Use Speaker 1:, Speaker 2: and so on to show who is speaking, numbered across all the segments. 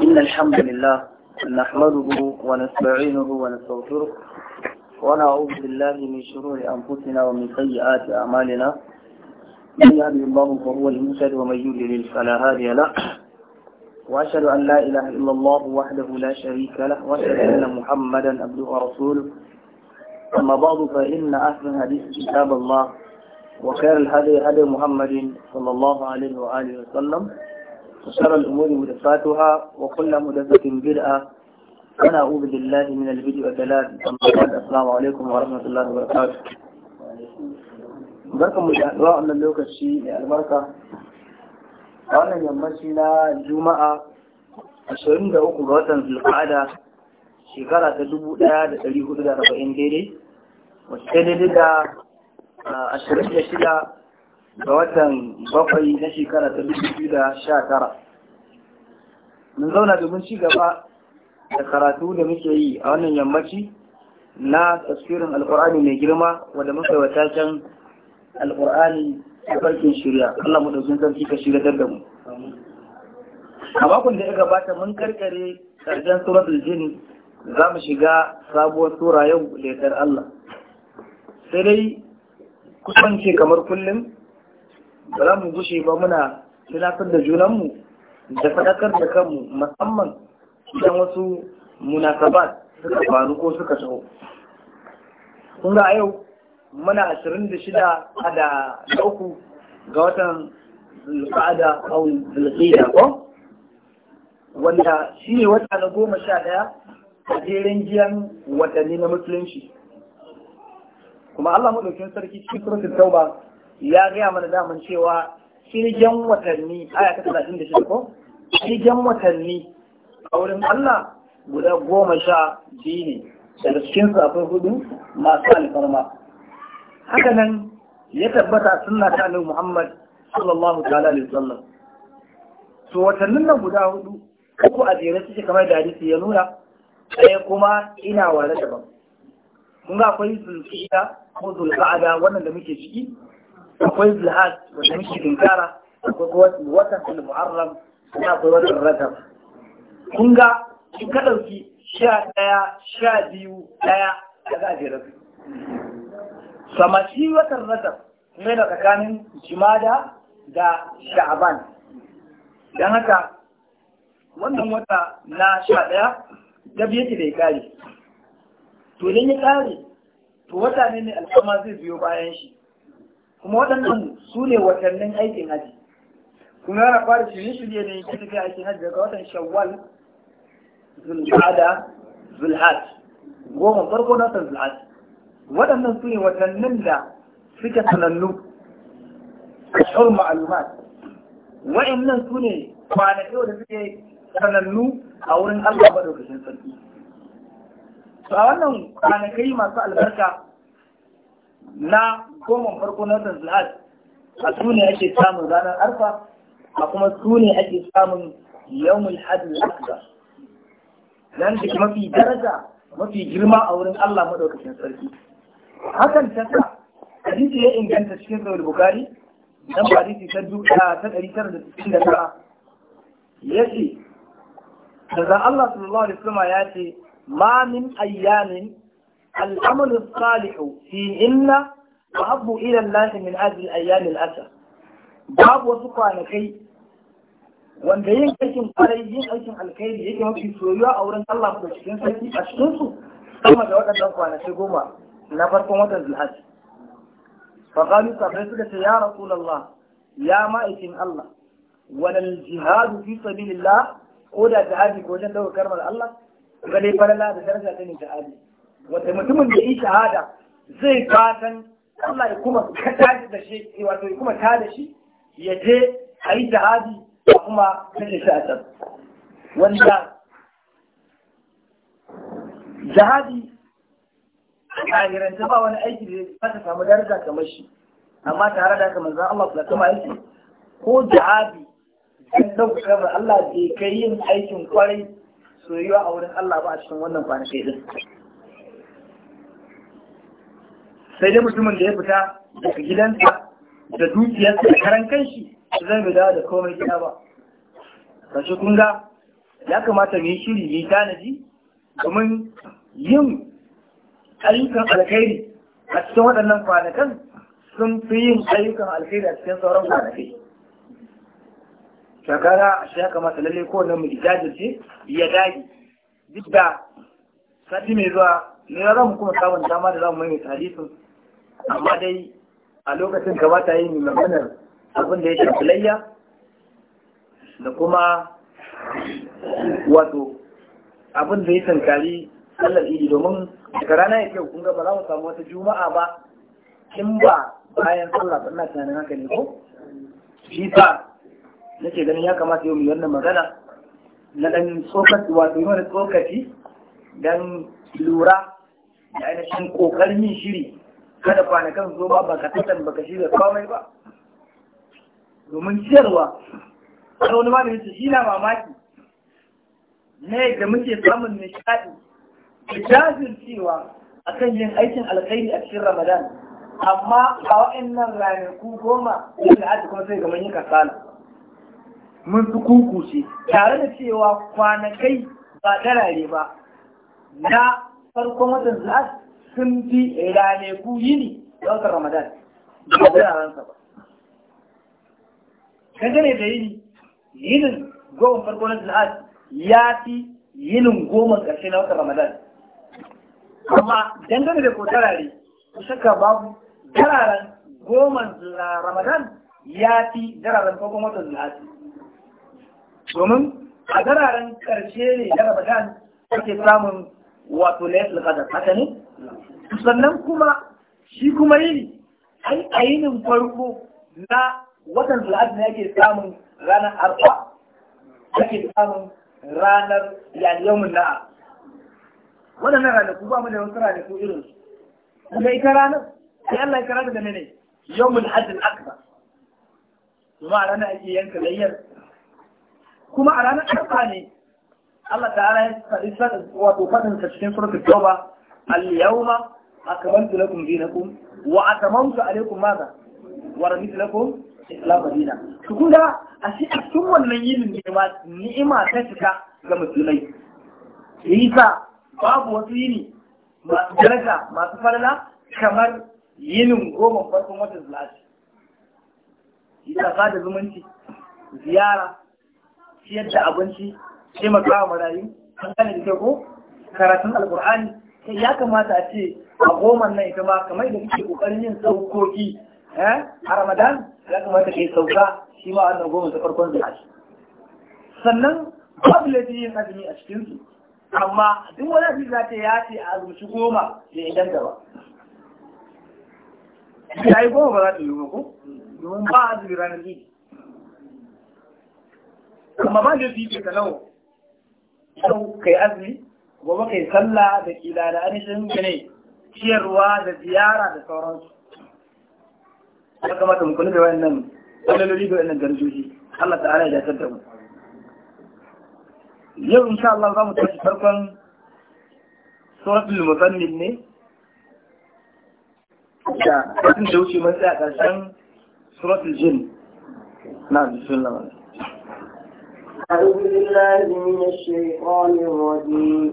Speaker 1: إن الحمد لله نحمده ونستعينه ونستغفره ونعوذ بالله من شرور أنفسنا ومن سيئات أعمالنا من يهده الله فهو المهتد ومن يضلل فلا هادي له وأشهد أن لا إله إلا الله وحده لا شريك له وأشهد أن محمدا عبده ورسوله أما بعد فإن أهل الحديث كتاب الله وخير الهدي هدي محمد صلى الله عليه وآله وسلم وشر الأمور مدفاتها وكل مدفة بدعة أنا أعوذ بالله من الفيديو والدلال السلام عليكم ورحمة الله وبركاته barkan mu da haɗuwa wannan lokaci mai albarka a wannan yammaci na juma'a 23 ga watan zulqa'ada shekara ta 1440 daidai wacce daidai da 26 ga watan bakwai na shekara ta biyu da sha tara. Mun zauna domin ci gaba da karatu da muke yi a wannan yammaci na tafsirin alkur'ani mai girma wadda muka wata can alkur'ani a farkin shirya Allah mu daukin sarki ka shirya da mu a makon da ya gabata mun karkare karshen suratul jini za mu shiga sabuwar tura yau da Allah sai dai kusan kamar kullum ba za mu gushe ba muna tunatar da junanmu da faɗakar da kanmu musamman idan wasu munasabat suka faru ko suka taho. Kun ga yau muna ashirin da shida da uku ga watan zulqa'ada aw zulqa'ida ko wanda shi ne wata na goma sha daya a jerin giyan watanni na musulunci. Kuma Allah maɗaukin sarki cikin surutun tauba ya gaya mana daman cewa kirgen watanni aya ta talatin da shida ko kirgen watanni a wurin Allah guda goma sha biyu ne daga cikin safin hudu masu alfarma haka nan ya tabbata suna ta Muhammad sallallahu ta'ala alaihi wasallam to watannin nan guda hudu uku a jere suke kamar da hadisi ya nuna ɗaya kuma ina ware daban kun akwai zulfiya ko zulfa'ada wannan da muke ciki akwai zihad wanda muke dinkara akwai watan al-muharram sannan akwai watan rajab kun ga in ka ɗauki sha ɗaya sha biyu ɗaya da za a je rabi sama shi watan rajab mai da tsakanin jimada da sha'aban Dan haka wannan wata na sha ɗaya gabi yake da ya kare to idan ya kare to wata ne ne alfama zai biyo bayan shi kuma waɗannan su ne watannin aikin haji kuma yana fara shirye-shirye ne ke tafiya aikin haji daga watan shawwal zulhada zulhad goma farko na watan zulhad waɗannan su ne watannin da suke sanannu a shawar ma'alumat Waɗannan su ne kwanaki da suke sanannu a wurin allah maɗaukacin sarki to a wannan kwanakai masu albarka na goma farko na watan zulhaj a su ne ake samun ranar arfa a kuma su ne ake samun yawmul hajji akbar nan da mafi daraja mafi girma a wurin Allah madaukakin sarki hakan ta sa hadisi ya inganta cikin sahih bukhari dan hadisi ta duka ta 969 yace daga Allah sallallahu alaihi wasallam ya ce ma min ayyamin العمل الصالح فيهن أحب إلى الله من هذه الأيام الأسى باب وسقى لكي wanda yin aikin kwarai yin aikin alkhairi yake mafi soyuwa a wurin Allah da cikin sarki a cikin su sama da waɗannan kwanaki goma na farkon watan zulhaj fa qalu sabai suka ya rasulallah, ya ma'aikin Allah walal jihadu fi sabilillah ko da jihadi ko wajen daukar kalmar Allah ga dai falala da daraja ta ne jihadi Wata mutumin da yi shahada zai fatan Allah ya kuma kada da shi wato ya kuma tada shi ya je a yi shahadi a kuma kashe shi a can wanda jihadi a hiranta ba wani aiki da za ta samu daraja kamar shi amma tare da haka manzan Allah kula kama aiki ko jihadi dan ɗauka kama Allah bai kai yin aikin kwarai soyuwa a wurin Allah ba a cikin wannan kwanaki din sai dai mutumin da ya fita daga gidansa da dukiyarsa da karan kanshi zai dawo da komai gida ba kashi kun ya kamata mu yi shiri mu yi tanadi domin yin ayyukan alkhairi a cikin waɗannan kwanakan sun fi yin ayyukan alkhairi a cikin sauran kwanakai shakara a shi ya kamata lalle kowane mu ijajirce ya dage duk da sati mai zuwa ne za mu kuma samun dama da za mu maimaita hadisin amma dai a lokacin ka bata ta yi maganar abin da ya shafi layya da kuma wato abin da ya tankari sallar idi domin daga rana ya kyau kun ga ba za mu samu wata juma'a ba in ba bayan sallah ba ina tunanin haka ne ko shi ta nake ganin ya kamata yau mu yi wannan magana na dan tsokaci wato yi mana tsokaci don lura da ainihin kokarin yin shiri kada kwanakan zo ba baka tattan baka shirya komai ba domin ciyarwa har wani malamin su shi na mamaki ne da muke samun nishaɗi da jajircewa akan yin aikin alkhairi a cikin ramadan amma a wa'annan ranaku goma da hajji kuma sai yin kasala mun fi kukuce tare da cewa kwanakai ba darare ba na farkon watan zuwa sun fi raneku yini don ka ramadan ba birarensa ba dangane da yini yinin goma farko na jihad ya fi yinin goma ƙarshe na watan ramadan amma dangane da ko tarare ku shakka babu tararen goma ramadan ya fi dararen farkon watan jihad domin a dararen ƙarshe ne na ramadan ake samun wato laylatul qadr haka ne sannan kuma shi kuma yini ai a yinin farko na watan zulhad ne yake samun ranar arfa yake samun ranar yaliyamun na'a waɗannan ranaku ba mu da wasu ranaku irin su kuma ita ranar sai Allah ya karanta da mene yawmul hajjil akbar kuma a ranar ake yanka layyar kuma a ranar arfa ne Allah ta'ala ya faɗi wato faɗin sa cikin suratul tauba al-yawma أكملت لكم دينكم وأتممت عليكم ماذا ورميت لكم إسلام دينا تقول أشيء أكتم والمين النعمات نعمة تشكى كمسلمين إيسا باب وسيني ما تجلسة ما تفعلنا kamar yinin goma farkon watan zulashi ita sada zumunci ziyara ciyar da abinci taimaka wa marayu an gane da ko karatun sai ya kamata a ce a goman nan ita ma kamar da kuke kokarin yin saukoki eh? a ramadan ya kamata ka yi sauka shi ma wannan goma ta farkon zuwa shi sannan babu laifin yin azumi a cikinsu amma duk wani abin za ta ya ce a azumci goma da idan da ba ya yi goma ba za ta yi ba ko domin ba azumi ranar idi amma ba laifin ke ta nawa yau kai azumi gobe kai sallah da kila da anishin ne ciyarwa da ziyara da sauransu ya kamata mu kula da wannan kwallolori da wannan garjoji Allah ala ya jatar da mu yau insha Allah za mu tafi farkon suratul muzammil ne da kafin da wuce mun tsaya karshen suratul jin na bismillah أعوذ بالله من الشيطان الرجيم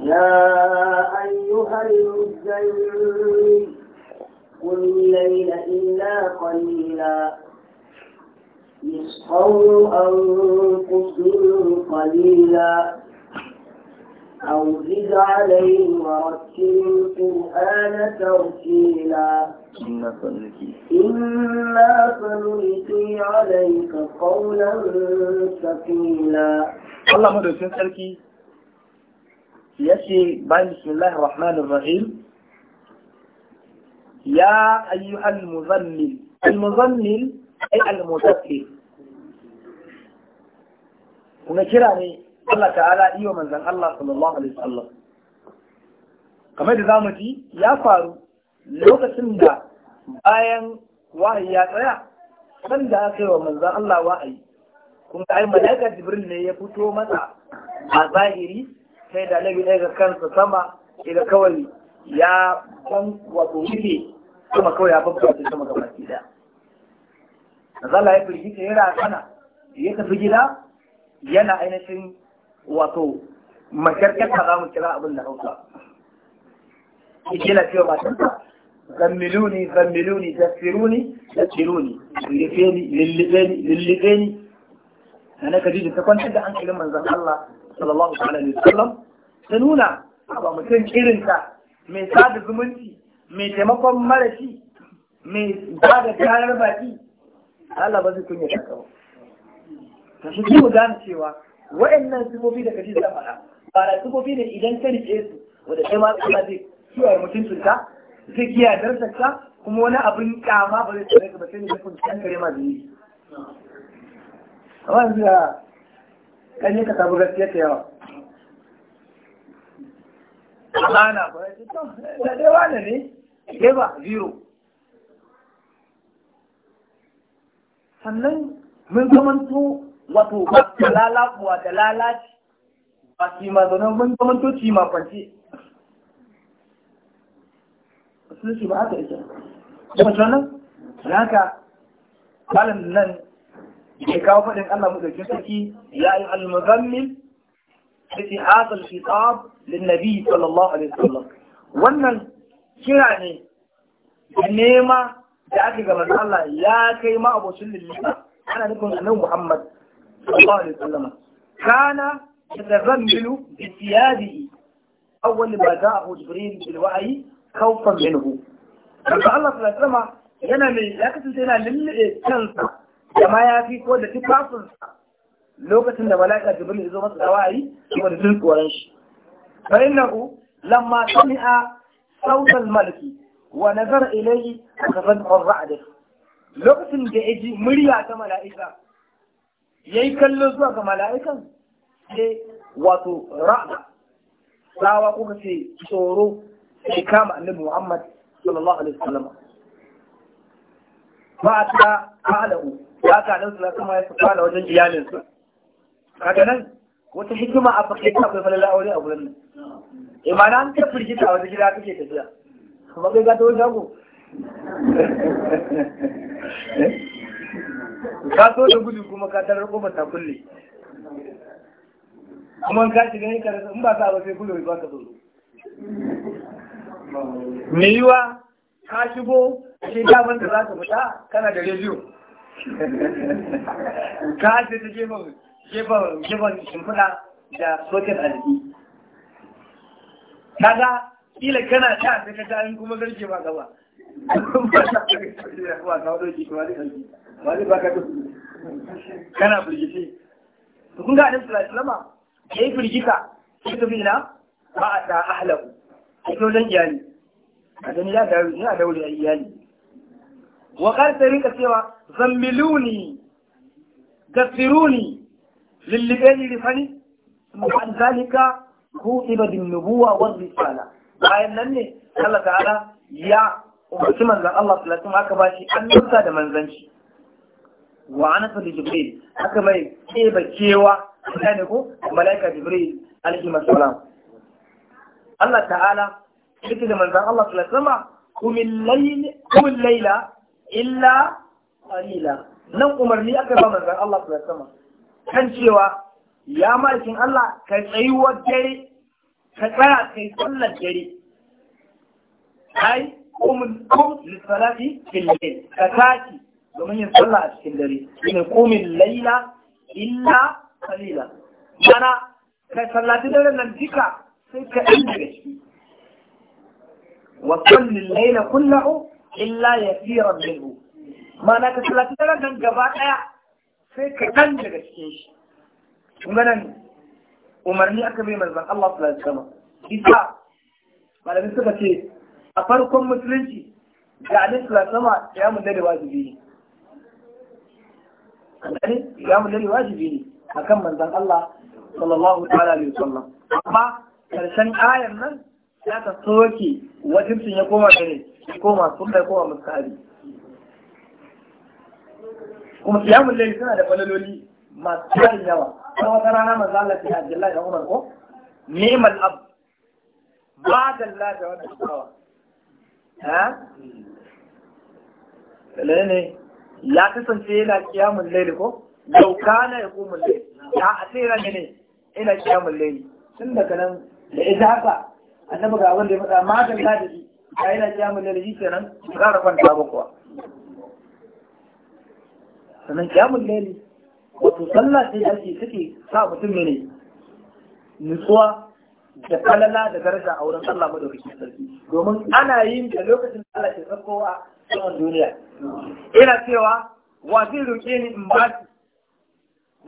Speaker 1: يا أيها المزمل قل الليل إلا قليلا نصفه أو انقص منه قليلا أو زد عليه ورتل القرآن ترتيلا إنا سنلقي عليك قولا ثقيلا الله مدرسين ya ce bayan bismillahir rahmanir rahim ya ayyuhal muzammil al muzammil ay al mutaffif kuma kira ne Allah ta'ala iyo manzon Allah sallallahu alaihi wasallam kamar da zamu ji ya faru lokacin da bayan wahayi ya tsaya san da aka yi wa manzon Allah wahayi kuma ai malaika Jibril ne ya fito masa a zahiri sai da nabi ɗaya ga kansa sama daga kawai ya san wato wuce kuma kawai ya babba da sama ga ki da zalla ya firgita ya kana, ya tafi gida yana ainihin wato masharkata za mu kira abin da hausa yana cewa matarsa zammiluni zammiluni zaffiruni dasfiruni lillifeni lillifeni na Khadija ta kwantar da hankalin manzan Allah sallallahu alaihi wasallam ta nuna ba mu mutum irin ta mai sada zumunci mai taimakon marashi mai sada da baki Allah ba zai kunya ta ba ta shi ku gane cewa waɗannan sifofi da Khadija ta faɗa ba da sifofi da idan ka rike su wanda kai ma Allah zai kiyaye mutuncinka zai kiyaye darsanka kuma wani abin kyama ba zai tsare ka ba sai ne kun kankare ma zuni amma yanzu da kan ka samu gaskiya ta yawa amana ba ce to da dai ne ke ba zero sannan mun zamanto wato ba da da lalaci ba kima zaune mun zamanto kima kwanci musulunci ba haka ita da mutum nan haka malam nan ke kawo faɗin Allah mu dauke sarki ya yi al-muzammil fi hadha al-khitab da nabi sallallahu alaihi sallam. wannan kira ne nema da ake gaban Allah ya kai ma abocin lillita ana nufin annabi Muhammad sallallahu alaihi sallam. kana da yatazammilu bi siyadihi awwal ma ja'ahu jibril bil wahyi khawfan minhu manzo Allah sallallahu alaihi wasallam yana mai ya kasance yana lullube kansa da ma ya fi ko da tufafinsa lokacin da mala'ika jibril ya zo masa da wa'ayi da jin tsoron shi fa ku lamma sami'a sautal al wa nazar ilayhi kafan qurra'da lokacin da ya murya ta mala'ika yayi kallo zuwa ga mala'ikan sai wato ra'a tsawa kuka ce tsoro sai kama annabi Muhammad sallallahu alaihi wasallam ba ta alahu haka nan suna kuma ya fara wajen iyalinsu kaga nan wata hikima a fakita akwai falala aure a wurin nan imana eh, an ta firgita a gida kake tafiya kuma kai ga ta wani shago ka so da gudu kuma ka tarar kofar ta kulle kuma ka shiga ne karasa in ba sa ba sai kulle ba ka tsoro me yiwa ka shigo shi daman da za ka fita kana da rediyo ka ce ta gefen gefen da soket a jiki kaga kila kana ta ta ka kuma garke ba gaba kana firgice to kun ga annabi sallallahu alaihi wasallam firgita sai tafi ba a ta ahlahu sai to iyali a dan ya da ya da iyali wa kar ta rinka cewa Zambiluni, gafiruni, lullube ni rifani an zalika kutiba bin nubuwa wal risala bayan nan ne Allah ta'ala ya umarci manzan Allah sallallahu alaihi shi an annabta da manzanci wa anasa da jibril aka mai keba kewa ne ko malaika jibril alaihi salam Allah ta'ala yake da manzan Allah sallallahu alaihi wasallam kumil layla illa qalila nan umarni aka ba manzon Allah sallallahu alaihi kan cewa ya malikin Allah ka tsayuwar dare ka tsaya kai sallar dare kai kumun kum lissalati fil layl ka tashi domin yin sallah a cikin dare shine kumin laila illa qalila Kana kai sallati dare nan duka sai ka ɗan daga ciki wa kullin laila kullahu illa yasiran minhu mana ka salati daren nan gaba ɗaya sai ka ɗan daga cikin shi Kuma ganan umarni aka bai manzon Allah sallallahu alaihi wasallam isa malamin suka ce a farkon musulunci da alaihi sama ya mun da wajibi ne ya mun da wajibi ne akan manzon Allah sallallahu alaihi wasallam amma karshen ayan nan ya ta soke wajibcin ya koma gare ya koma sunna ya koma musabi kuma kiyamun laili suna da falaloli masu tarin yawa kuma wata rana manzo Allah ta Abdullahi da Umar ko neman abu ba da Allah da wannan kawa ha ne ya kasance yana kiyamun laili ko lau kana yaqumul laili ya tsira ne ina kiyamun laili tun daga nan da ita haka annabi ga wanda ya faɗa ma da Allah da shi ya yana kiyamun laili kenan ƙara kwanta ba kuwa sannan kyamun laili wato sallah ce da ake take sa mutum ne nutsuwa da kalala da daraja a wurin Allah madaukaki sarki domin ana yin da lokacin da Allah ke saukowa saman duniya ina cewa wa zai roƙe ni in ba shi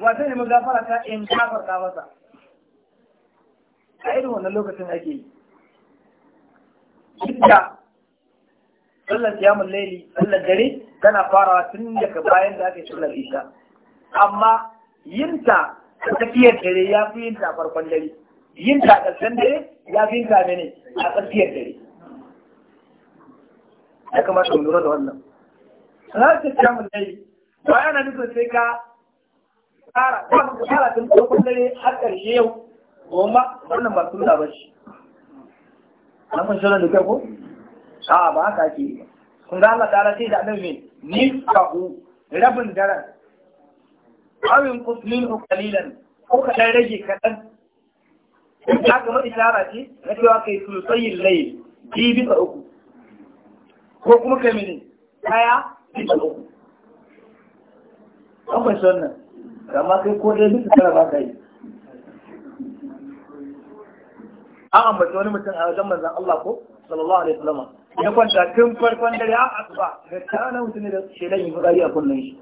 Speaker 1: wa zai nemi gafara ta in gafarta masa a irin wannan lokacin ake yi Duk da sallar kiyamun laili, sallar dare, kana farawa tun daga bayan da aka yi sallar isha amma yinta tsakiyar dare ya fi yinta a farkon dare yinta a ƙarshen dare ya fi yinta mene a tsakiyar dare ya kamata mu lura da wannan sanar da kyamun dare bayan na nufin sai ka tsara ka tsara tun farkon dare har ƙarshe yau goma wannan ba su nuna ba shi na kun shirin da kyau ko a ba haka ake yi ba kun ga Allah ta'ala sai da ni ne nisfahu rabin daren awin kusmin qalilan ko ka dan rage kaɗan ya kama isara ce na cewa kai sulsayin ji bi bisa uku ko kuma kai mini kaya ta uku Akwai son wannan amma kai ko dai, bisa tara ba ka yi an ambaci wani mutum a wajen manzan Allah ko sallallahu alaihi wasallam ya kwanta tun farkon dare a asuba da tana mutum da shaidan yi fitsari a kunnen shi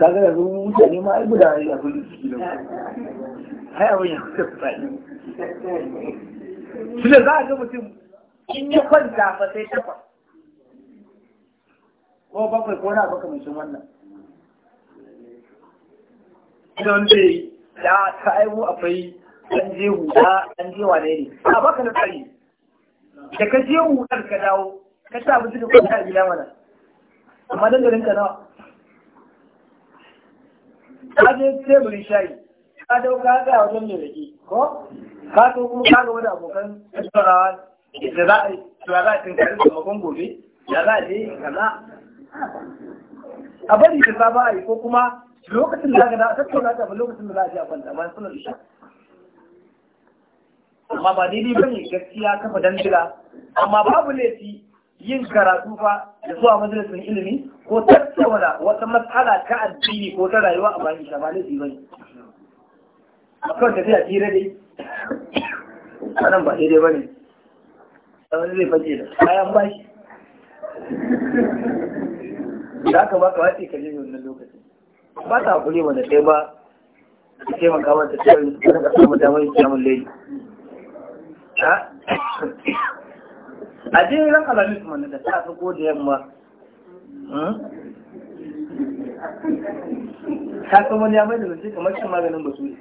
Speaker 1: kaga da zuwa mutane ma ai guda ya fi ai abin ya fi fitsari su da za a ga mutum in ya kwanta fa sai tafa. ko bakwai ko na baka mai wannan don dai ya ta aibu akwai an je huda an je wane ne a baka na tsari da ka je hudar ka dawo ka sa abinci ka kwanta a gida mana amma dangarin ka nawa ka je teburin shayi ka dawo ka ga wajen mai rage ko ka so kuma ka ga wani abokan tattaunawa da za a yi to za a tinkari da makon gobe da za a je kaza a bari ka saba a yi ko kuma lokacin da za ka tattauna ta lokacin da za a je a kwanta bayan suna isha amma ba daidai ba ne gaskiya kafa dandila amma babu laifi yin karatu fa da zuwa majalisar ilimi ko tattauna wata matsala ta addini ko ta rayuwa a bayan shi ba laifi ba ne a kan tafiya tira dai nan ba daidai ba ne wani zai fage da ba bashi da aka baka wace ka je wannan lokaci. ba ta hakuri wanda ɗaya ba taimaka mata tsawon da samu damar kyamun laifi a je ran alamis mana da hmm? ta fi gode yamma ta fi wani ya mai da zance kamar shan maganin basu ne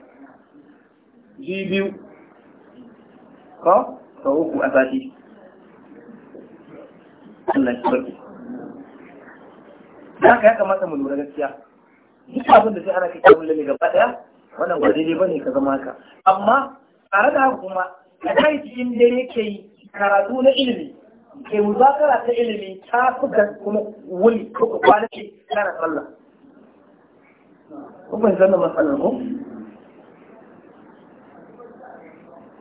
Speaker 1: ji biyu ko ka uku a sati Allah shi barki haka ya kamata mu lura gaskiya duk abin da sai ana kai kyawun lalle gaba daya wannan ba daidai bane ka zama haka amma tare da haka kuma A kai cikin dare ke yi karatu na ilimi ke muzakara ta ilimi ta fuka kuma wuli ko kwanaki kana sallah ko ban san matsalar ko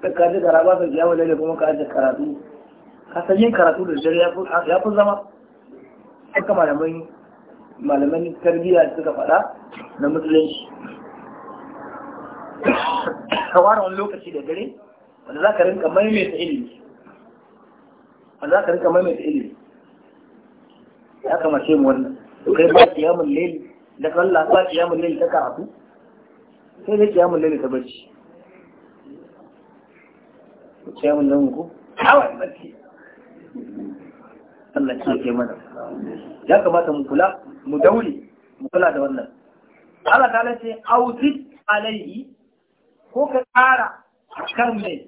Speaker 1: ta ka ji garaba ta jiya wale kuma ka ji karatu ka san yin karatu da dare ya fi zama haka malaman malaman tarbiyya suka faɗa na musulunci a wani lokaci da dare wanda za ka rinka maimaita ilimi wanda za ka rinka maimaita ilimi ya kamace mu wannan to kai ba kiyamun laili da kalla ba kiyamun laili ta karatu sai dai kiyamun laili ta bacci kiyamun laili ko kawai bacci Allah shi ke mana ya kamata mu kula mu daure mu kula da wannan Allah ta ce auzit alaihi ko ka ƙara kan mai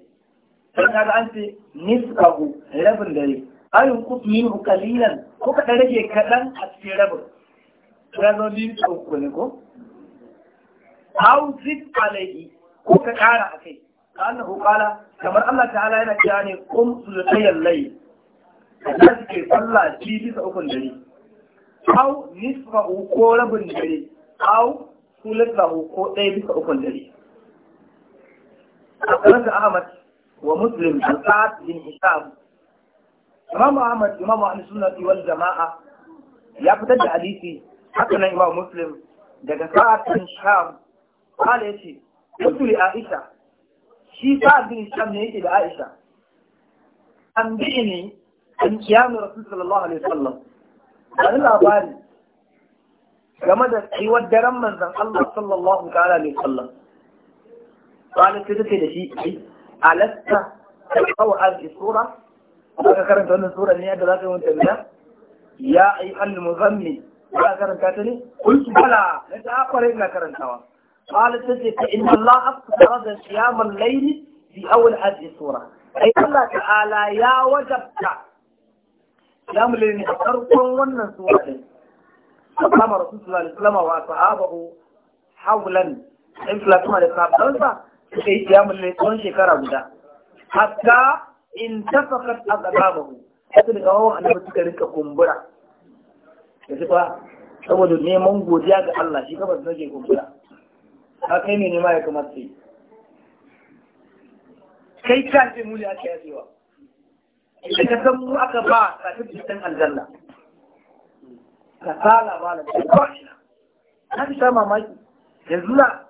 Speaker 1: sai ka ga an ce nisfahu rabin dare ayin kus min hukalilan ko ka rage kaɗan a cikin rabin ya zo ko uku ne ko Hau zid alayhi ko ka ƙara a kai Ka annahu hukala kamar Allah ta'ala yana cewa ne qum sulutayyal layl ka suke sallah ji bisa ukun dare Hau nisfahu ko rabin dare Hau sulutahu ko ɗaya bisa ukun dare a ƙarfi Ahmad ومسلم عن سعد بن حساب امام احمد امام اهل السنه والجماعه يا فتد حديثي حتى نا امام مسلم دغ سعد بن حساب قال يتي قلت لعائشه شي سعد بن حساب نيجي لعائشه أنبئني عن قيام الرسول صلى الله عليه وسلم قال عن الأبان كما تقوى الدرم من ذن الله صلى الله عليه وسلم قال كذا كذا شيء alasta taqaw hadhihi sura ka karanta wannan sura ne yadda zaka yi wannan tambaya ya ayyuhal muzammil ka karanta ta ne kuntu bala na ta kware ina karantawa قالت da إن الله أفرض قيام الليل في أول هذه السورة أي الله تعالى يا وجبت قيام الليل أفرض ون سورة فقام رسول الله عليه وسلم وأصحابه حولا إن فلاتما لإصحاب دولتا suka yi siyamun ne tsawon shekara guda hatta in tafakat a gababahu haka da kawo annabi suka rinka kumbura da su ba saboda neman godiya ga Allah shi suna ke kumbura ka kai ne nema ya kamata yi kai ka ce muli ake wa? da ka san mu aka ba satifikin aljanna ka sala ba da ta kwashi na na fi sa mamaki yanzu na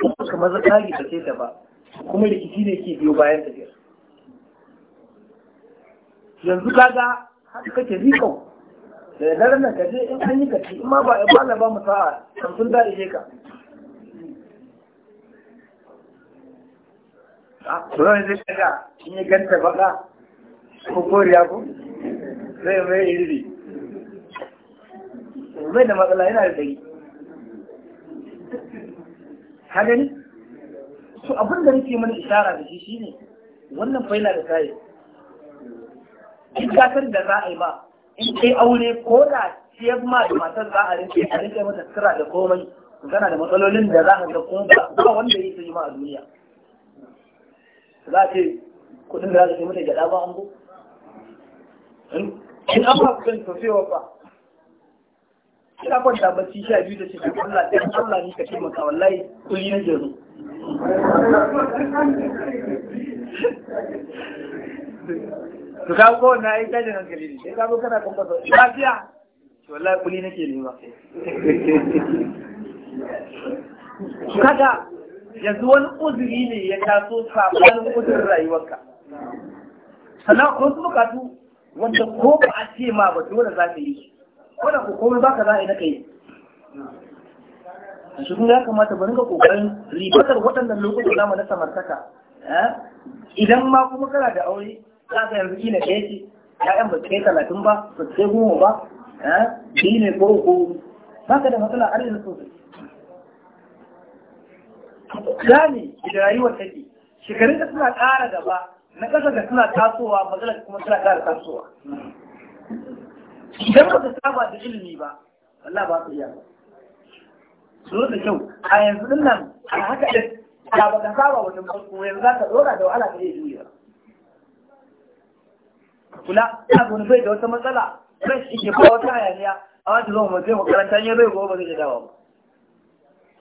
Speaker 1: kuma zakari ba sai ta ba kuma rikici ne ke biyo bayan tafiyar yanzu kaga haka kake rikon da daren nan kaje in an yi kaci in ma ba ya bala ba mu sa'a kamfin da ishe ka Turan ah, zai kaga in yi ganta baka ko koriya ko zai mai iri Zai da matsala yana da dari ka gani Su abin da nake mana isara da shi shine wannan faila da kai gasar da za a yi ba in kai aure ko da ciyar ma da matar za a rinke a rinke mata sira da komai kana da matsalolin da za a ga kuma ba wanda ya yi ma a duniya za a ce kudin da za a ce mata gyada ba an go in an ba kudin to ba ka kwanta bacci sha biyu da shekaru Allah ɗan Allah ne ka taimaka wallahi kuli na jazo to ka ko na ai kai da hankali ne sai ka zo kana kuma lafiya to wallahi kuli nake nema kada yanzu wani uzuri ne ya taso sabanin uzurin rayuwarka sannan wasu bukatu wanda ko ba a ce ma ba dole za ka yi shi ko da komai baka za a yi na kai shi kuma ya kamata bari ga kokarin ribatar waɗannan lokacin zama na samartaka eh? idan ma kuma kana da aure za ka yanzu kila kai ce ya'yan ba kai talatin ba ba su kai goma ba biyu eh? ne ko uku ba ka da matsala arzikin sosai gane da rayuwar take shekarun da suna ƙara gaba na ƙasa da suna tasowa matsalar kuma suna ƙara tasowa idan ba saba da ilimi ba wallah ba ka iya ba
Speaker 2: su da kyau
Speaker 1: a yanzu din nan a haka din da ba ka saba wajen farko yanzu za ka dora da wahala ka iya ba. kula ta gani bai da wata matsala bai shi ke ba wata hayaniya a wata zuwa mutum ya makaranta ne bai gobe ba zai dawa ba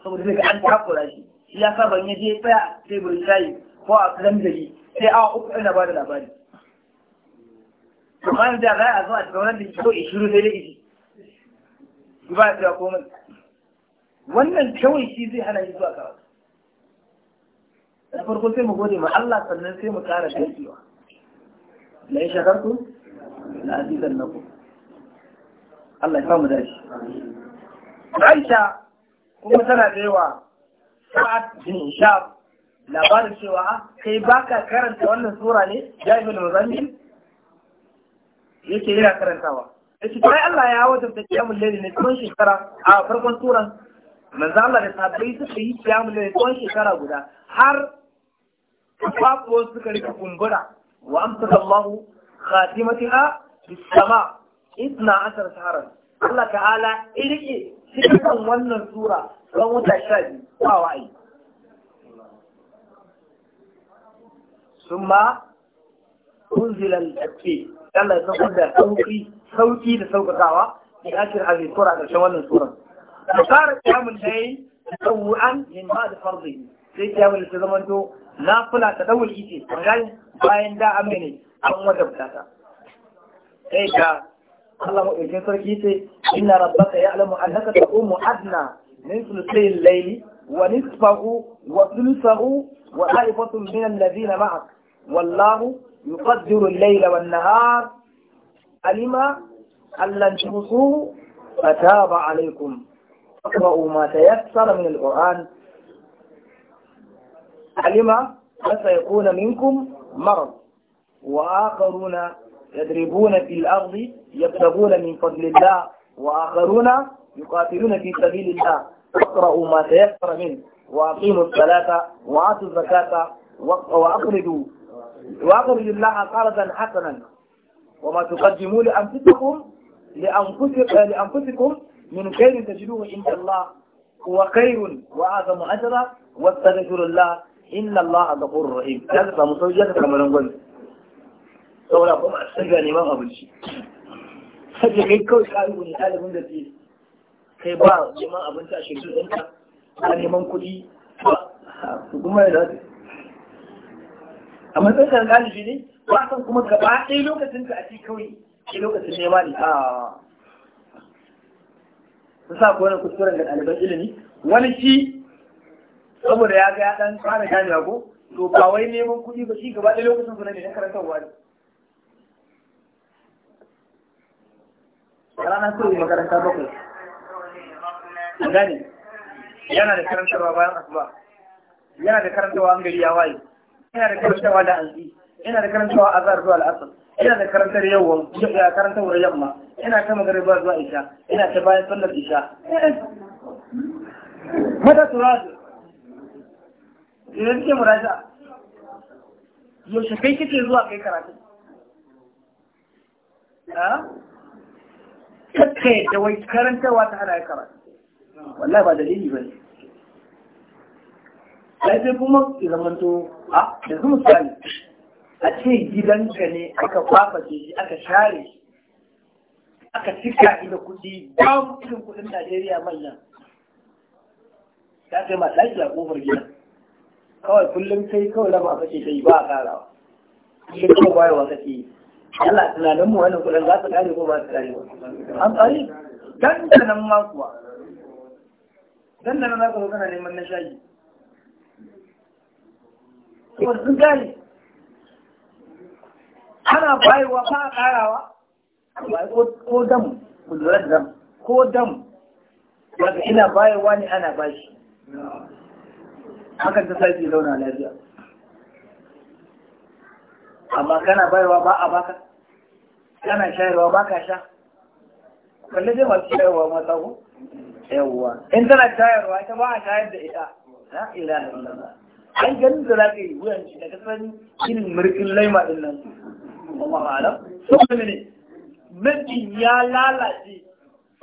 Speaker 1: saboda zai ga an takura shi shi ya saba ya je tsaya teburin shayi ko a kusan gari sai awa uku ina ba da labari amma da za a zo a tsaunar da kyau ishiru sai dai ishi ba da komai wannan kawai shi zai hana shi zuwa kawai da farko sai mu gode ma Allah sannan sai mu ƙara gaskiya la in shakartu la azizan ku. Allah ya samu dashi Aisha kuma tana da yawa Sa'ad bin Shab labarin cewa ah, kai baka karanta wannan sura ne ya Muzammil yake yana karantawa Da shi ai Allah ya wajen da qiyamul layl ne tsawon shekara a farkon turan manzo Allah da sahabbai suka yi qiyamul layl tsawon shekara guda har fafuwa suka rika kumbura wa amsaka Allah khatimatiha bis sama itna asar saharan Allah ta'ala irike cikin wannan sura don wata sha biyu ba wa'ayi ثم أنزل التكفير Allah ya san da sauƙi sauƙi da saukakawa da akhir hadhihi sura da shan wannan sura fara kiyamun da yayi tawu'an min ba da farzi sai kiyamun ta zama to nafila ta dawul ite kan bayan da an mene an wata bukata sai ka Allah maɗaukin sarki ce inna rabbaka ya'lamu annaka taqumu adna min thuluthay al wa nisfahu wa thuluthahu wa ta'ifatun min alladhina ma'ak wallahu يقدر الليل والنهار علم أن لن فتاب عليكم اقرأوا ما تيسر من القرآن علم فسيكون منكم مرض وآخرون يضربون في الأرض يبتغون من فضل الله وآخرون يقاتلون في سبيل الله اقرأوا ما تيسر منه وأقيموا الصلاة وآتوا الزكاة وأقرضوا واقرضوا الله قرضا حسنا وما تقدموا لأنفسكم لأنفسكم من خير تجدوه عند الله هو خير وأعظم أجرا واستغفر الله إن الله غفور رحيم هذا مسوجة كما نقول saboda kuma a sun gane man abinci sai kai kawai ɗalibu ne ɗalibin da ke kai ba neman abinci a shekaru ɗinka ba neman kuɗi ba kuma da a matsayin galibi ne ba san kuma gaba ɗaya lokacin ka a ci kawai ke lokacin nema ne a sun sa wani kuskuren ga ɗaliban ilimi wani shi saboda ya ga ya ɗan fara jami'a ko to ba wai neman kuɗi ba shi gaba ɗaya lokacin suna ne na karantarwa ne ranar kawai makaranta bakwai gani yana da karantarwa bayan asuba yana da karantarwa an gari ya waye ina da karanta karantawa da alzi ina da karanta karantawa azhar zuwa al'asr ina da karanta da yau ya karanta wurin yamma ina ta magariba zuwa isha ina ta bayan sallar isha mata turadu yanzu ke muraja yaushe kai kike zuwa kai karatu kakka da wai karantarwa ta hana ya karatu wallahi ba dalili ba ne sai kuma ki zamanto a yanzu misali a ce gidanka ne aka fafa shi aka share shi aka cika ina da kuɗi babu irin kuɗin Najeriya manya ta ce ma ɗaki a ƙofar gida. kawai kullum sai kawai raba kake ta yi ba a karawa kullum kuma bayarwa kake yi Allah tunanin mu wannan kudin za su kare ko ba su kare ba an tsari dandanan ma kuwa dandanan za ka zo kana neman na shayi kuma sun gane ana bayarwa ba a karawa ko dam ku dam ko dam daga ina bayarwa ne ana bashi hakan ta sarki zauna lafiya amma kana bayarwa ba a baka kana shayarwa ba ka sha kalli zai masu shayarwa mata ku? yawwa in tana shayarwa ita ba a shayar da ita na ilaha illallah ai ganin da za ka yi wuyan shi da kasar irin murkin laima din nan kuma ma'ana so ne mijin ya lalace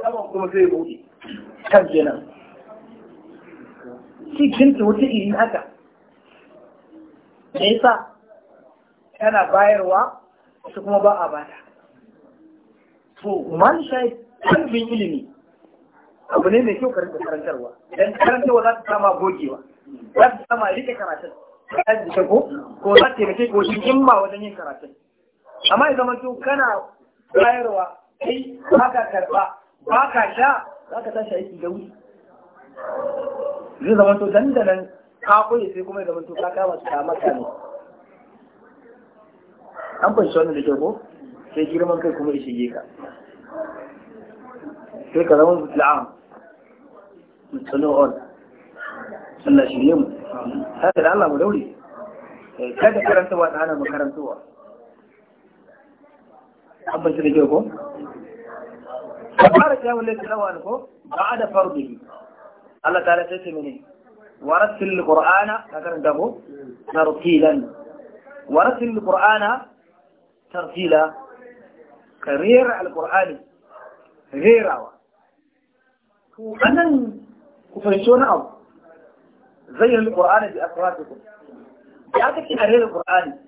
Speaker 1: saman kuma zai buɗe kan kenan kinta wata iri haka me yasa yana bayarwa su kuma ba a bata to man shai ɗalibin ilimi abu ne mai kyau karantarwa don karantarwa za ta sama gogewa za su sama rike karatun za su ta ko ko za su taimake ko shi in ma wajen yin karatun amma ya zama tun kana bayarwa kai ba ka karɓa ba ka sha za ka tashi aiki da wuri zai zama to dandanan ka koyi sai kuma ya zama to ka kama su kama ka ne an fahimci wannan da kyau ko sai girman kai kuma ya shige ka sai ka zama mutla'am mutsalon الناشرين هذا الله مولولي كذا كرنتوا أنا ما كرنتوا أبى تريجوكم بارك يوم اللي تلوانكو بعد فرضه الله تعالى تسميني ورسل القرآن ترتيلا ورسل القرآن ترتيلا كرير القرآن غيره هو أنا زين القرآن بأصواتكم يا أهل القرآن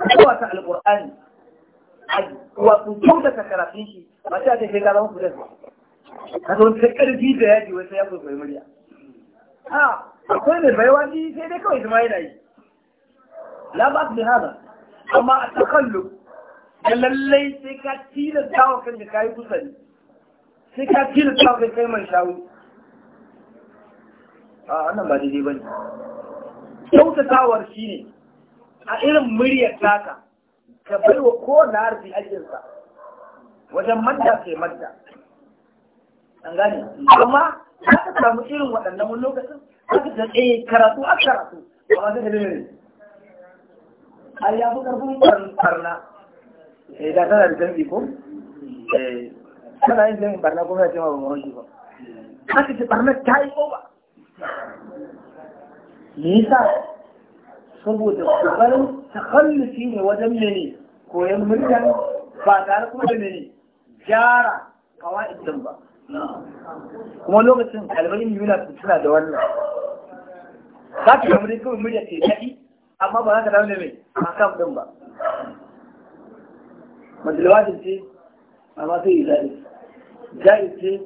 Speaker 1: أصوات القرآن وتجودة كرافيشي ما شاء الله كذا لهم كذا kasan kakar ji da yaji wasu ya kwaikwayi murya a akwai mai baiwa ni sai dai kawai zama yana yi Labas ba hada amma a takallu da lallai sai ka tilasta da kayi sai ka tilasta kai man shawu a wannan ba daidai ba ne kyautatawar shi ne a irin muryar taka ka bai wa kowane harfi ajinsa wajen madda sai madda an gane amma za ka samu irin waɗannan wani lokacin aka ta tsaye eh, karatu a karatu ba ma zai ne a ya fi karfin barna eh da tana da zambi ko eh tana yin zambin barna kuma ya ce ma ba mu ba aka ce barna ta yi ko ba me yasa saboda kokarin takallufi ne wajen mene koyon muryan ba tare kuma da mene jara kawa'id idan ba kuma lokacin ɗalibai yuna suna da wannan za ka yi muryan kawai murya ce daɗi amma ba za ka dawo da mai akam din ba majalwajin ce amma sai yi zaɗi ja'i ce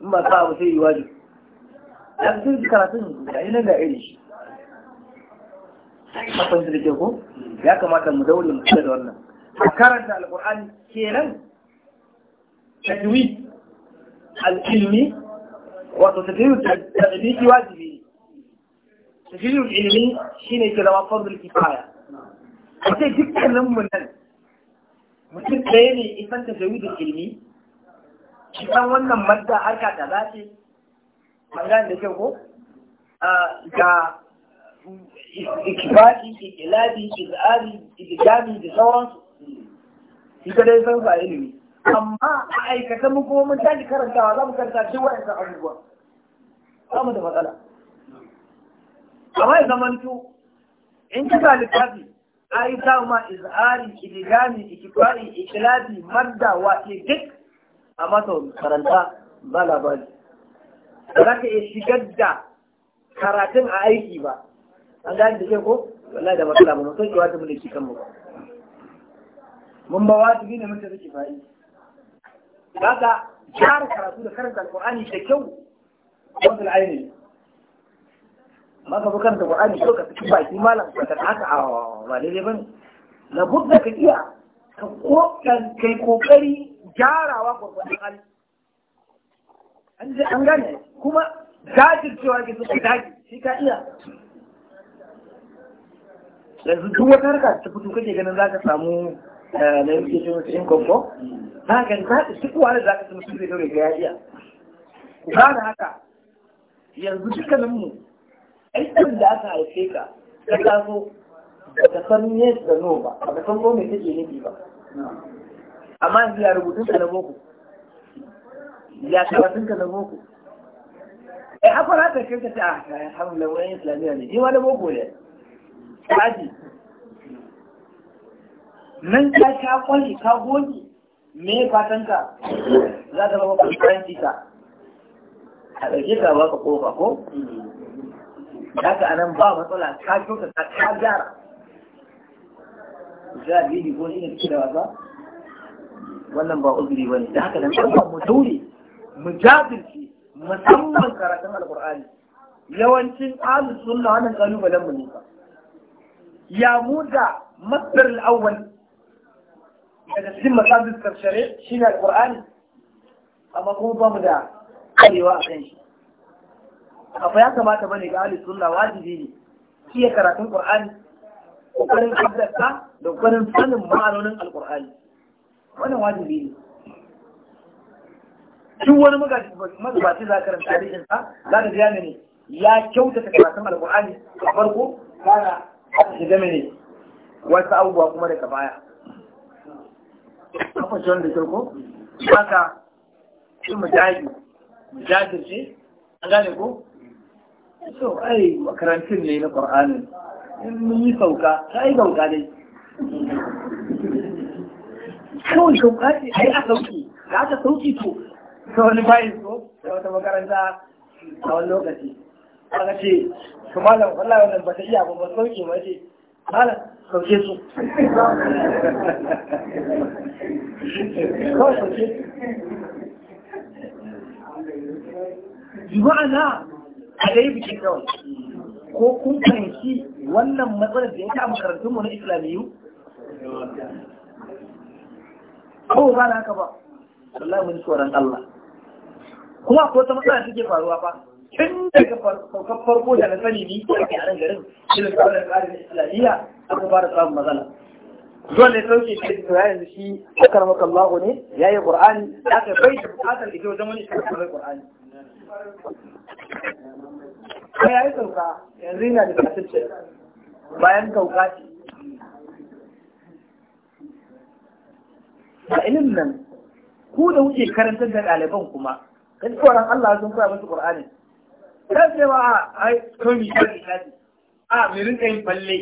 Speaker 1: in ba sa abu sai yi wajibi dan sun ji karatun da ina ga iri shi kafin da ke ko ya kamata mu daure mu kula da wannan a karanta alqur'ani kenan tajwid al-ilmi wato tajwid tajwidi wajibi tajwid al-ilmi shine ke zama fardul kifaya sai dukkanin mu nan mutum ɗaya ne isan tajwid al-ilmi shi wannan madda harka da za an gane da kyau ko ga ikibaki ikilabi izari idigami da sauransu ita dai san sa ilimi amma a aikata mu kuma mun tashi karantawa za mu karanta shi wa'ansa abubuwa za mu da matsala amma ya zamanto in ka sa littafi ai ta ma izari idigami ikibari ikilabi madda wa duk a masa karanta ba labari ba za ka iya shigar da karatun a aiki ba an gane da ke ko wallahi da matsala ba mutum ke wata mulki kanmu ba mun ba wata gina mutum ke fa'i Ba ka jara karatu da karanta alqur'ani da kyau wanda al'aini maka fi karanta alqur'ani kyau ka fi baki malam ka haka a ba daidai Na labudda ka iya ka kokan kai kokari jarawa gurgurdan hali an je an gane kuma jajircewa ke suka daji shi ka iya yanzu duk wata harka ta fito kake ganin za ka samu eh, na yake ce wasu income ko za ka za duk wani za ka samu su zai dore ga ya iya ba da haka yanzu dukkaninmu aikin da aka haife ka ta taso ba ta san yes da no ba ba ta san ko me take nufi ba amma yanzu ya rubutun ka na boko ya karatun ka na boko ai eh, akwai haka kai ka ta a ah, alhamdulillah wani islamiyya ne ni wani boko ne kaji nan ka sha kwalli ka goge me fatan ka za ta zama kwalifaranci ka a ɗauke ka ba ka kofa ko haka a nan ba matsala ka kyauta ka ka gyara za a biyu ko ina cikin da wasa wannan ba uzuri ba ne da haka nan ba mu daure mu jajirce musamman karatun alkur'ani yawancin ahlus sunna wannan kalubalen mu ne ya mu da masdar al daga cikin masadir karshe shine alkur'ani amma kuma ba mu da karewa a kan shi abu ya kamata bane ga ahlus sunna wajibi ne iya karatun qur'ani kokarin haddasa da kokarin sanin ma'anonin alkur'ani wannan wajibi ne duk wani mazubaci za ka karanta tarihin sa za ka ga ne ya kyautata karatun alqur'ani a farko na shiga mene wasu abubuwa kuma daga baya a kwanci wanda ba ka shi mujaji mujajirce an gane ko so ai makarantun ne na ƙwar'anin in mun yi sauka ta yi sauka ne kawai sauka ce ai a sauki da aka sauki to ta wani bayin so da wata makaranta a wani lokaci aka ce su malam wallahi wannan ba ta iya ba ba sauke ba ce malam sauke su kawai sauke su ma'ana a dai bikin kawai ko kun fahimci wannan matsalar da ya ta makarantunmu na islamiyu ko ba na haka ba wallahi mun tsoron Allah kuma akwai wata matsala take faruwa ba, tun daga saukar farko da na sani ni ko ake a nan garin shirin kawai tsarin islamiyya aka fara samun matsala dole sauke shi da ya yanzu shi akar makallahu ne ya yi qur'ani ya kai bai da bukatar da ke wajen wani shirkar qur'ani kuma ya yi sauka yanzu yana da kasance bayan sauka ce a ilimin nan ku da kuke karantar da ɗaliban kuma ka ji tsoron Allah sun koya musu Qur'ani kan ce ba ai komi ka ji kaji a me rinka yin falle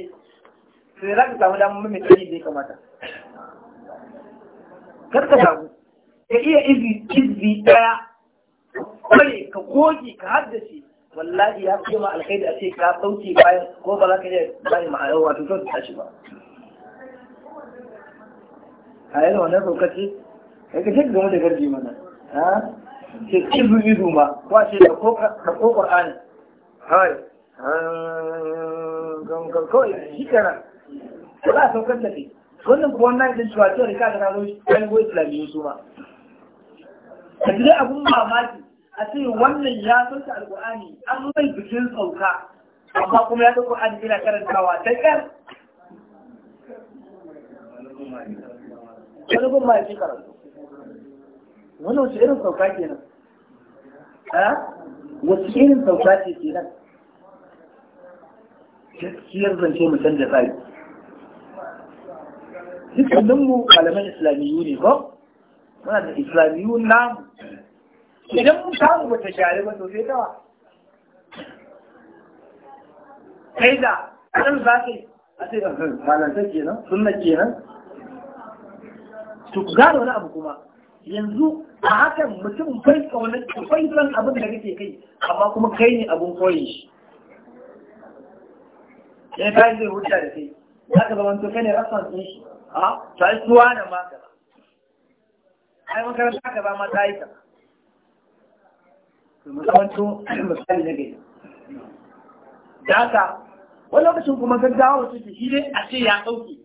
Speaker 1: sai za ka samu damar mai tsari da ya kamata kar ka samu ka iya izi izi daya kware ka goge ka haddace wallahi ya fi ma alkhairi a ce ka sauke bayan ko ba za ka iya bayan ma'ayar wato kyau ta tashi ba a yanzu wannan saukaci ka kashe game da garji mana ce izu izu ma wace da ko ƙur'ani kawai kawai shi kana ba a saukar tafi wannan kuma wannan ɗin cewa cewa da kaga rano ɗan goyi islamiyyu su ma a jira abun mamaki a ce wannan ya sauke alƙur'ani an mai bikin sauka amma kuma ya ɗauko an gina karantawa ta ƙyar wani gumma ya ce karatu wani wasu irin sauka ke nan a wasu irin sauka ce ke nan gaskiyar zance mu canza tsari dukkanin mu kalaman islamiyu ne ba muna da islamiyu namu idan mun samu wata share ba to sai dawa kai da an za ka yi a sai ɗan malanta kenan sunna kenan to gane wani abu kuma yanzu a hakan mutum bai kaunar bai zan abin da kake kai amma kuma kai ne abin koyi shi ta yi zai hujja da kai za ka zama to kai ne rasan sun shi a ta yi tuwa da maka ai makaranta ka ba ma ta yi ta musamman to misali na gai. da haka wani lokacin kuma gaggawa wasu ta shi dai a ce ya ɗauke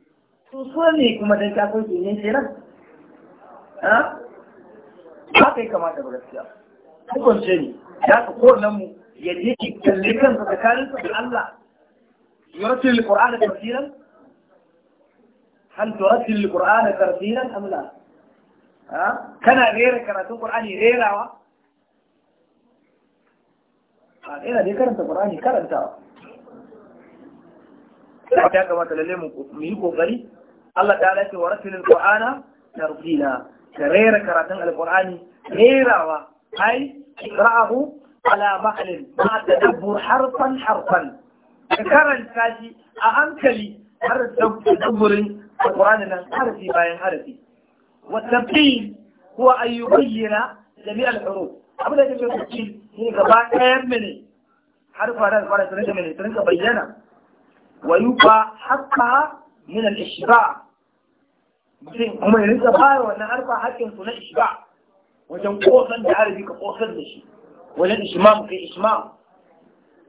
Speaker 1: to so ne kuma dan ta ɗauke ne sai ran haka ya kamata ba gaskiya hukunce ne ya ka kowanne mu ya je ki kalle kansa tsakanin sa da Allah yurtil qur'ana tafsiran hal turatil qur'ana tartilan am la kana rera karatun qur'ani rerawa a ina dai karanta qur'ani karantawa ya kamata lalle mu yi kokari Allah ta lafi wa rasulul qur'ana tartila ka rera karatun al alqur'ani rerawa ai ra'ahu ala ma'anin ma da dabbur harfan harfan ka karanta shi a hankali har dabburin alƙur'ani nan harfi bayan harfi wa tabtil huwa an yubayyana jami'al huruf abin da yake tabtil shi gaba ɗayan mene harfa da alƙur'ani sun ga mene sun ka bayyana wa yuba hakka min al-ishba
Speaker 2: mutum kuma ya rika
Speaker 1: bayar wannan harfa hakkin su na ishba' wajen kosan da arabi ka kofar da shi wajen ishmam kai ishmam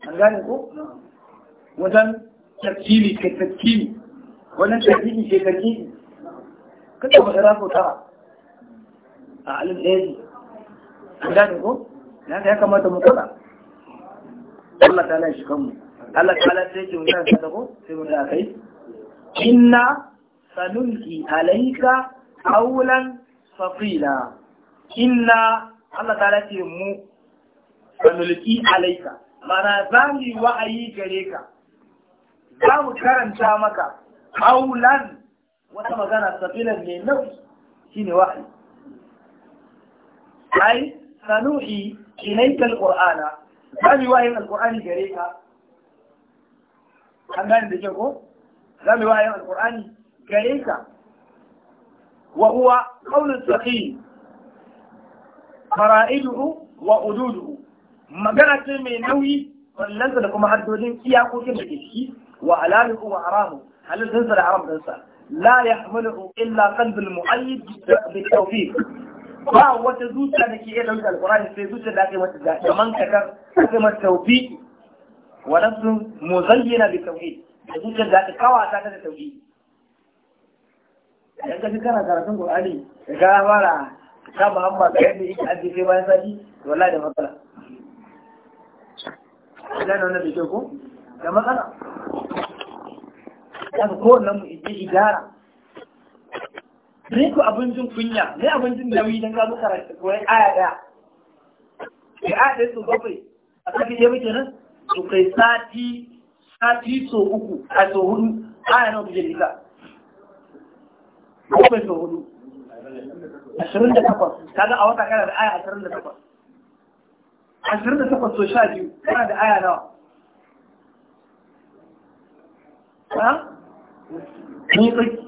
Speaker 1: an gane ko wajen tarkili kai tarkili wajen tarkili kai tarkili Kan ba ra ko tara a alif ɗaya an gane ko na ya kamata mu kula Allah ta lai shi kanmu Allah ta lai sai ki mun ta ko sai mun da kai inna sanulki alayka qawlan safila inna Allah ta ce mu sanulki alaika mana za mu yi wa'ayi gare ka za mu karanta maka aulan wata magana safilan mai shi shine wa'ayi ai sanu'i ilaika alqur'ana za mu yi alqur'ani gare ka an gani da ke ko za mu yi alqur'ani gare ka wa huwa qaulun sahih fara'iduhu wa ududuhu magana ce mai nauyi wallansa da kuma haddodin iyakokin da ke ciki wa alalihu wa haramu halittunsa da haramtunsa la ya hamalu illa qalbul mu'ayyid bi tawfiq ba wata zuciya da ke iya dauke alqur'ani sai zuciya da ake mata da kaman kakar ake mata tawfiq wa nafsun muzayyana bi tawhid da zuciyar da aka kawata ta da tauhidi idan ka ji kana karatun qur'ani da ka fara ta muhamma ka yadda yake ajiye kai bayan sati wala da matsala gane wannan da ke ko da matsala haka nan mu ije idara Riku abincin kunya ne abincin da nauyi don gano karatu wani aya daya ke aya daya su bakwai a sake je muke nan su kai sati sati so uku a so hudu aya nawa kuje lisa bakwai so hudu ashirin da takwas kaga a wata kana da aya ashirin da takwas ashirin da takwas to sha biyu kana da aya nawa ha? Ni tsaki.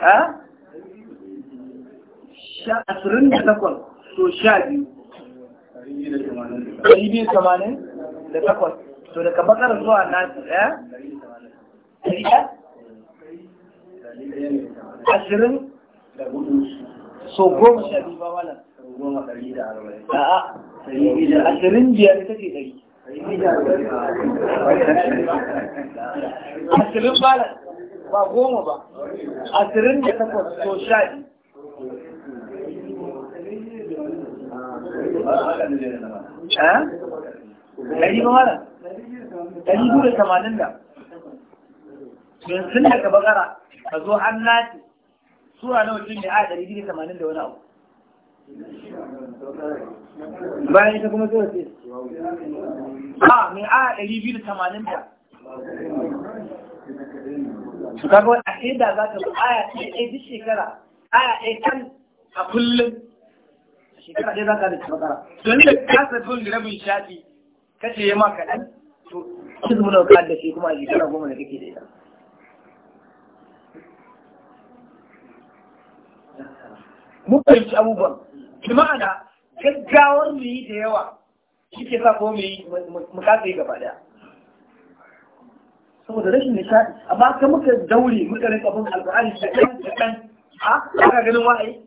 Speaker 1: Ha? ashirin da takwas to sha biyu ɗari biyu tamanin da takwas to daga bakar zuwa na ɗaya eh? ɗari ɗaya ashirin so goma sha biyu ba wala a'a ashirin biyar ita ce ɗari ashirin bala ba goma ba ashirin da takwas so sha biyu ɗari ba wala ɗari biyu da tamanin da don tun daga bakara ka zo an lati sura na mutum ne a ɗari biyu tamanin da wani abu bayan ita kuma zuwa ce a mai a ɗari biyu tamanin da su kaga wani aƙida za ta zo aya ɗaya duk shekara aya ɗaya kan a kullum shekara ɗaya za ka da bakara don da kasa bin rabin shafi kace ya ma kaɗan to shi zuma na da shi kuma a shekara goma da kake da ita mun ci abubuwan bi ma'ana gaggawar mu yi da yawa shi ke sa ko mu yi mu yi gaba daya saboda rashin nishaɗi amma ka muka daure muka rinka bin alƙur'ani da ɗan da ɗan a aka ganin wa'ayi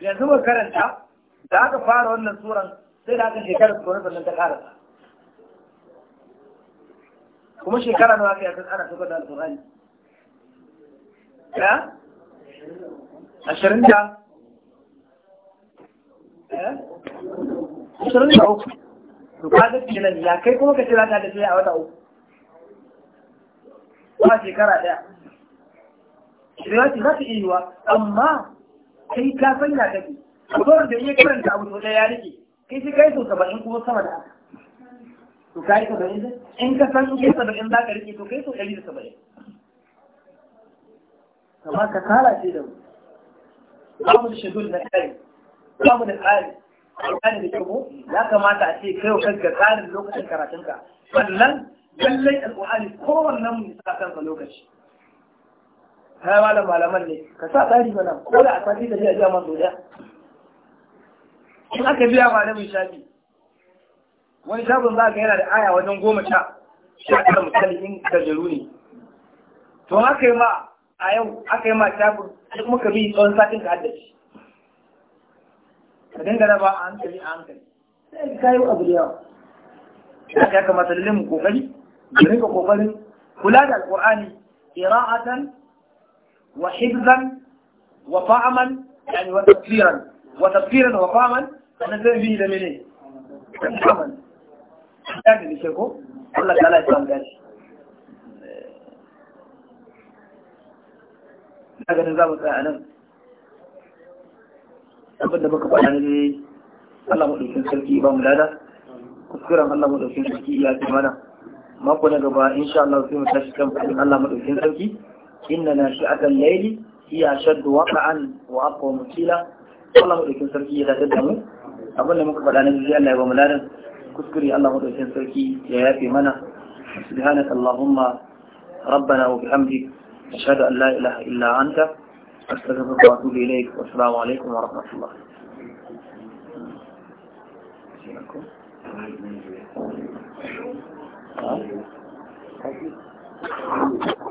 Speaker 1: yanzu muka karanta da aka fara wannan suran sai da aka shekarar tsoron sannan ta karasa kuma shekara nawa aka yi ana saukar da alƙur'ani ya ashirin da eh? ashirin da uku to ka ga ya kai kuma ka ce za ka tafi a wata uku kuma shekara ɗaya shirya za ta iya yiwa amma kai ka sanya na kake mutuwar da iya karanta abu to ɗaya ya rike kai sai kai sau saba'in kuma sama da haka to ka yi saba'in in ka san kai saba'in za ka rike to kai sau ɗari da saba'in kamar ka kala ce da mu ba mu da shedul na kare ba mu da tsari tsari da kyau ya kamata a ce kai wa kanka tsarin lokacin karatunka sannan lallai alƙur'ani kowanne mu ya sa kanka lokaci kai malam malaman ne ka sa tsari mana ko da a sati da biya man dole in aka biya malamin shafi wani shafin za ka yana da aya wajen goma sha sha ɗaya misali in gajeru ne to haka yi ma a yau aka yi ma shafin duk muka bi tsawon satin ka haddace ka dinga raba a hankali a hankali sai ka yi abu da yawa ya kamata lalle mu kokari mu rinka kokarin kula da alqur'ani qira'atan wa hifzan wa fa'aman yani wa tafsiran wa tafsiran wa fa'aman wannan zai bi da mene kaman ya ga ko Allah ta'ala ya samu dace ina ganin za mu tsaya nan abin da muka faɗa ne Allah ɗaukin sarki ba mu lada kuskuren Allah ɗaukin sarki ya ce mana mako na gaba insha Allah sai mu tashi kan faɗin Allah ɗaukin sarki inna na shi akan laili iya shaddu waqa'an wa aqwa mutila Allah ɗaukin sarki ya dace mu abin da muka faɗa na biyu Allah ya ba mu ladan kuskure Allah ɗaukin sarki ya yafe mana subhanaka allahumma ربنا وبحمدك أشهد أن لا إله إلا أنت أستغفرك وأتوب إليك والسلام عليكم ورحمة الله Thank you.